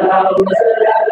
Gracias.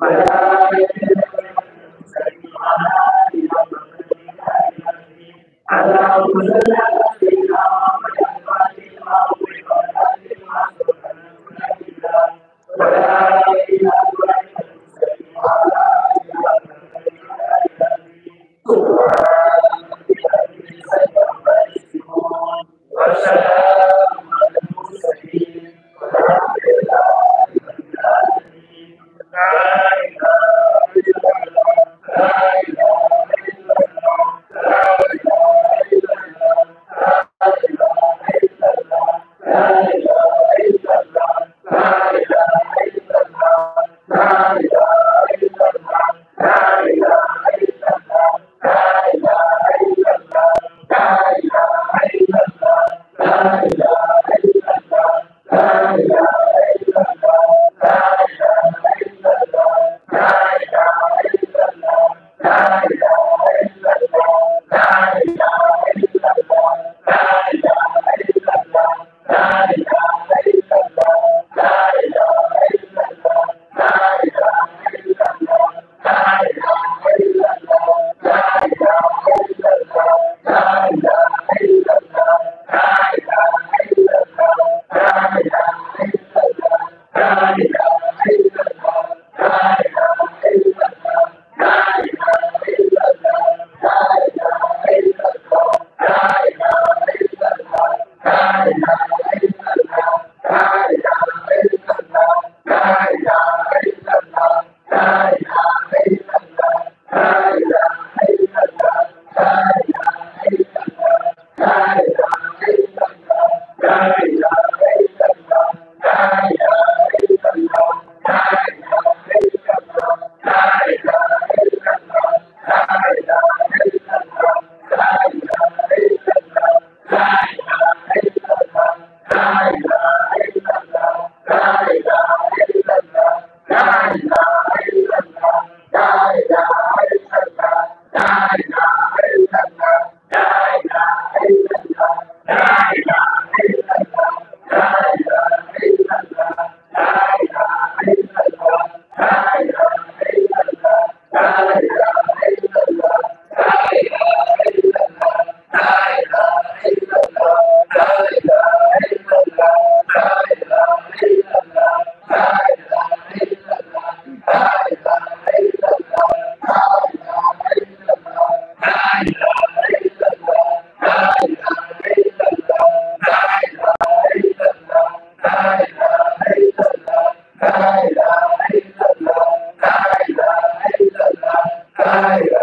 Thank you. para ai,